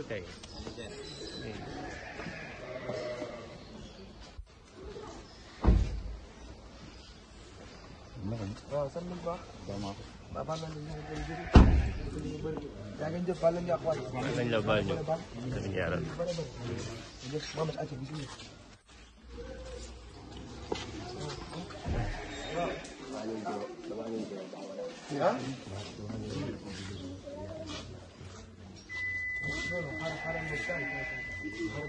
అవుతాయి waaw sant nañu baax. waaw baal nañu ñu ngi lay jëriñ. yaa ngi jëf baal nañu ak waa. nañ la baal ñëw. dëgg yàlla. waaw. defoon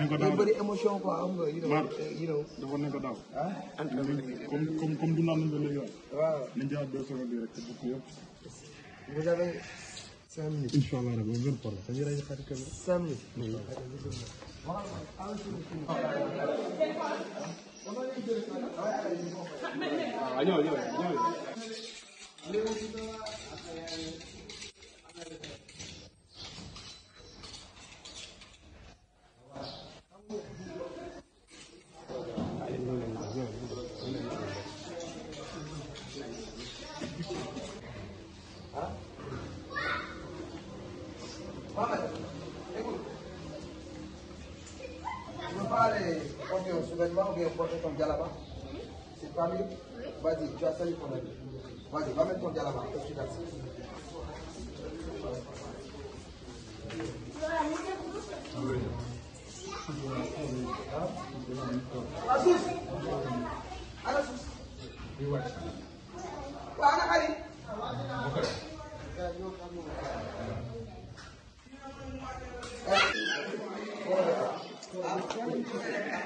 nañ ko daaw bëri émotion quoi xam nga. you know defoon nañ ko daaw. comme comme comme du naan nga léegi waaw. nañ jàpp deux secondes rek te bu ko yëpp. vous avez cinq minutes incha allah rabbi benn problème dañuy rajo xarit kër cinq minutes. waaw ñëw ñëw ñëw dialaba. C'est pas mieux? Vas-y, tu as salué ton ami. Vas-y, va mettre ton dialaba. Je suis là. Asus. Ana Asus. Waaw ana xarit. Ah.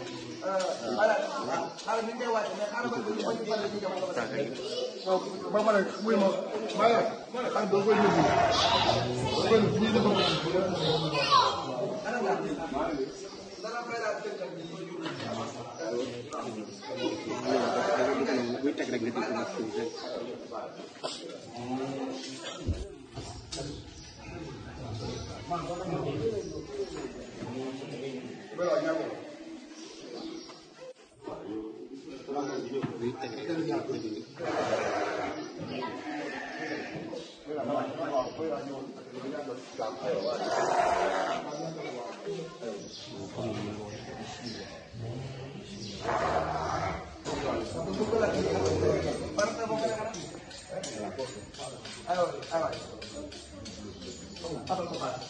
xaaral ni ngay wàcce mais xaaral ba ma ne wuy ma ma yor xaaral doo koy yóbbu doo koy yóbbu ñuy defal buy teg rek nga dégg Ahí va, ahí va. Vamos,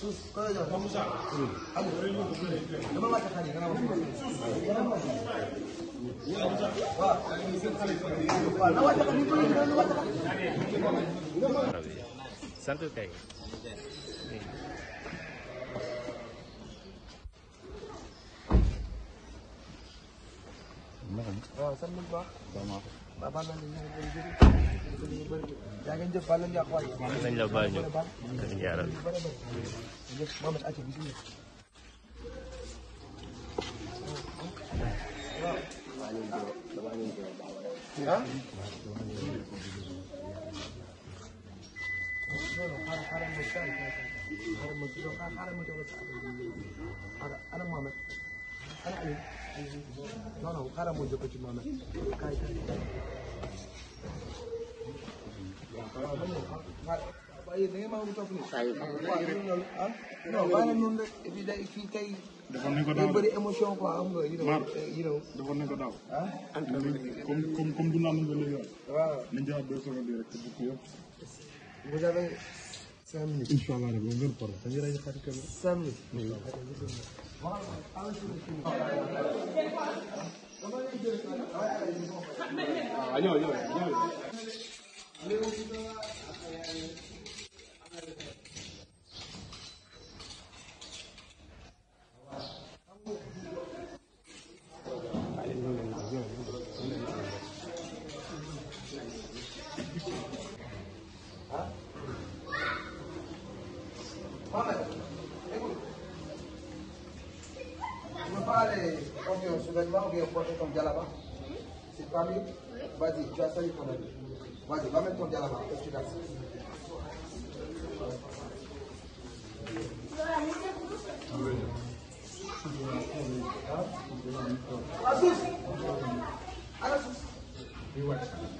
suuf sooy joxe. dama wàcc xar yi gannaaw waaw. sant kay. waaw sant bu baax. waaw baal nañ la ñu bëri yaa ngeen jëf baal nañ la wax waaye. nañ la baal ñu nañ yaaral. ah. xaaral ma xaaral ma non non xaaral ma jokko ci moom kaay waaye da ngeen maa ngi topp nii. waaw ñun loolu ah. non maanaam ñun nag fii day fii tey. defoon nañ ko daaw bëri émotion quoi xam nga. mar eh, defoon nañ ko daaw. ah comme comme comme dund nañ ko léegi waaw. waaw nañ jëlaat deux secondes rek bu kii yëpp. vous avez cinq minutes. incha allah waaw waaw. Salima ou bien porter ton djellaba C'est pas mieux Vas-y, tu as salué ton ami. Vas-y, va mettre ton djellaba, que tu l'as. Asus Asus Asus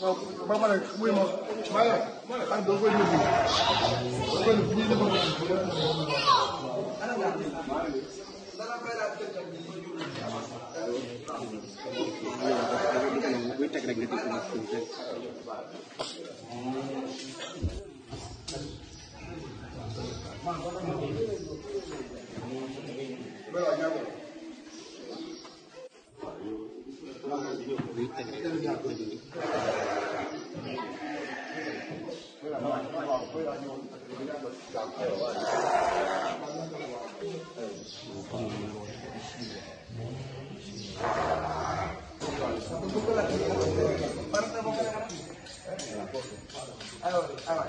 waaw ba ma ne muy ma maa yor maa ngi doon koy nëbbi doon koy nëbbi ñuy nëbbi Thank you. Ayo, ayo.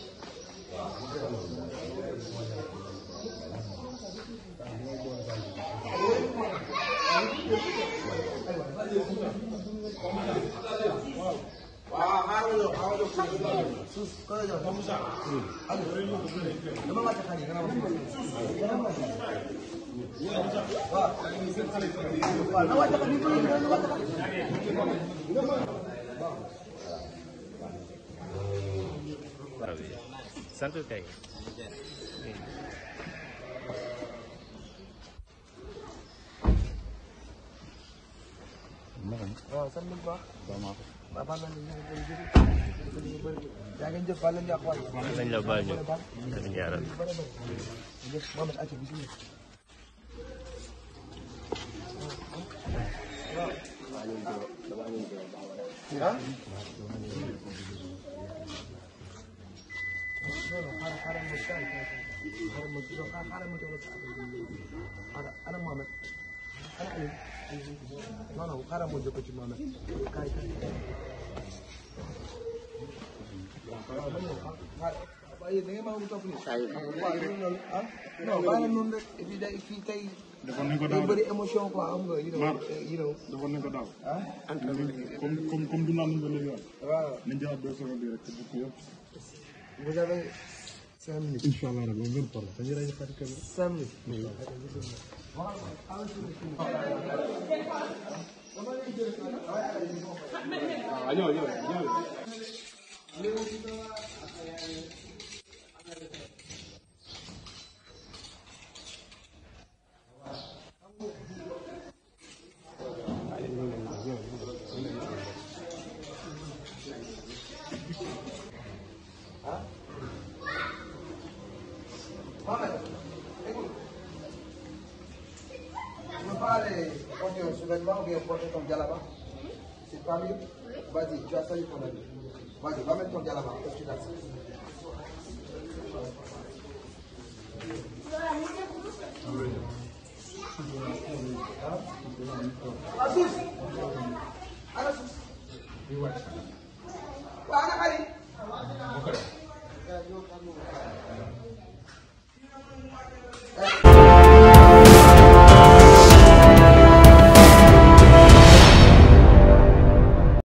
santul kay waaw sant bu baax dañ la baal ñu dañ ñaaral ana Mohamed ana Aliou non non xaaral ma jëkk ci moom kaay kaay waaye da ngeen maa ngi topp nii. waaw loolu ah non baax na noonu rek et puis day fii tey. defoon nañ ko daaw bëri émotion quoi am nga. mar defoon nañ ko daaw. ah comme comme comme du naan nañ ko léegi waaw. nañ jëlaat deux secondes bi rek te bokk yëpp. vous avez cinq minutes. incha allah rabi moom ngeen toll. dañu rajo Fatick. cinq minutes. waaw ñëw ñëw ñëw et porter ton djellaba. C'est pas mieux? Vas-y, tu as salué ton ami. Vas-y, va mettre ton djellaba et tu danses. Asus. Asus.